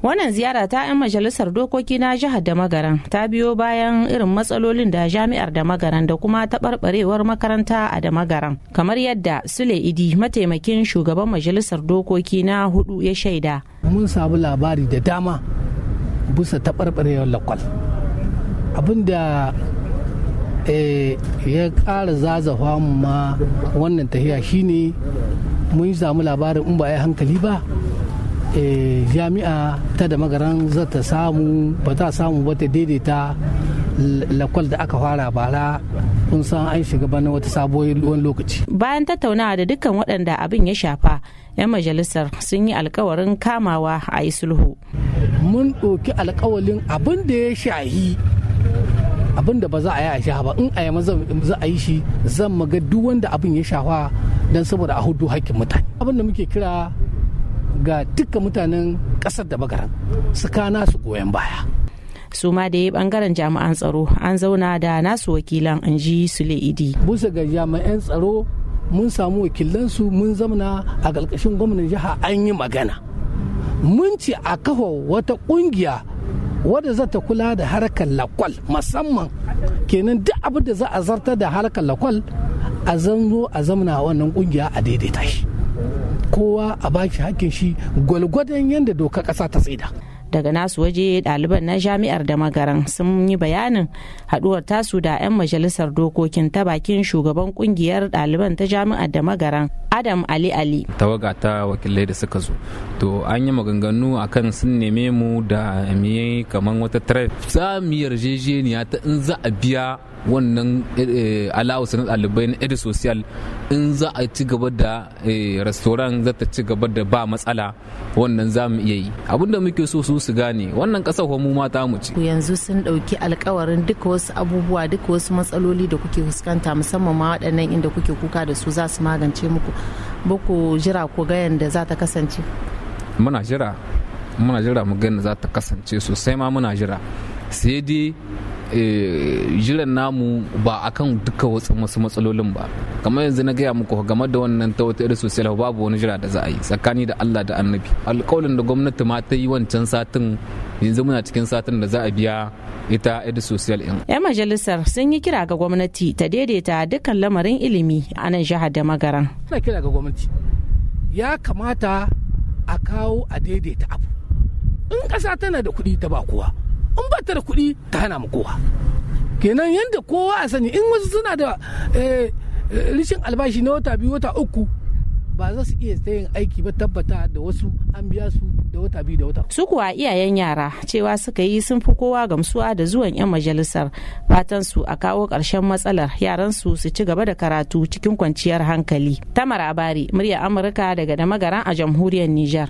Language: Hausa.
wannan ziyara ta 'yan majalisar dokoki na jihar da magaran ta biyo bayan irin matsalolin da jami'ar da magaran da kuma taɓarɓarewar makaranta a da magaran kamar yadda sule idi mataimakin shugaban majalisar dokoki na hudu ya shaida mun samu labari da dama bisa taɓarɓarewar lakwal abinda eh, ya ƙara zazafa mu ma wannan tahiya shine mun samu labarin in ba a yi hankali ba Eh, jami'a ta da magaran za ta samu ba ta samu ba ta daidaita lakwal da aka fara bara kun san an shiga bana wata sabuwar lokaci. Bayan tattaunawa da dukkan waɗanda abin ya shafa, 'yan majalisar sun yi alkawarin kamawa a yi sulhu. Mun ɗauki alkawalin abin da ya shahi abin da ba za a yi a sha ba in a yamma za a yi shi zan maga duk wanda abin ya shafa don saboda a hudu hakkin mutane. Abin da muke kira ga duka mutanen kasar da bagaran su kana su goyon baya su ma da yi bangaren jami'an tsaro an zauna da nasu wakilan an ji sule idi busa ga jami'an tsaro mun samu wakilansu mun zamana a ƙarƙashin gwamnan jiha an yi magana mun ce a kafa wata ƙungiya wadda za ta kula da harkar lakwal musamman kenan duk abin da za a zartar da harkar lakwal a zanzo a zamana wannan ƙungiya a daidaita shi kowa a bashi hakkin shi gwalgwadon yadda doka ƙasa ta tsida daga nasu waje ɗaliban na jami'ar da magaran sun yi bayanin haɗuwar tasu da 'yan majalisar dokokin ta bakin shugaban ƙungiyar ɗaliban ta jami'ar da magaran adam ali ali tawaga ta wakilai da suka zo to an yi maganganu kan sun neme mu da miye kamar wata trip za mu yarjejeniya ta in za a biya wannan eh, alawus na ɗalibai na ed social in za a ci gaba da eh, restoran za ta ci gaba da ba matsala wannan za mu iya yi abinda muke so su su gane wannan ƙasar mu mata mu ci yanzu sun ɗauki alkawarin duka wasu abubuwa duka wasu matsaloli da kuke fuskanta musamman ma waɗannan inda kuke kuka da su za su magance muku buku jira ko ga yadda za ta kasance muna jira muna jira mu za ta kasance sosai ma muna jira sai dai eh, jiran namu ba akan duka wasu matsalolin ba kamar yanzu na gaya muku game da wannan ta wata irin social babu wani jira da za a yi tsakani da Allah da annabi alƙawalin da gwamnati ma ta yi wancan satin yanzu muna cikin satin da za a biya ita ed social in. 'yan majalisar sun yi kira ga gwamnati ta daidaita dukkan lamarin ilimi a nan jihar da magaran Ina kira ga gwamnati ya kamata a kawo a daidaita abu in ƙasa tana da kuɗi ta ba kowa in ba ta da kuɗi ta hana mu kowa kenan yadda kowa a sani in wasu suna da eh, eh, rishin albashi na wata biyu wata uku ba za su iya ta aiki ba tabbata da wasu an biya su da wata biyu da wata. Su kuwa iyayen yara cewa suka yi sun fi kowa gamsuwa da zuwan 'yan majalisar fatan su a kawo ƙarshen matsalar yaran su su ci gaba da karatu cikin kwanciyar hankali. Tamar Abari, murya Amurka daga da magaran a jamhuriyar Nijar.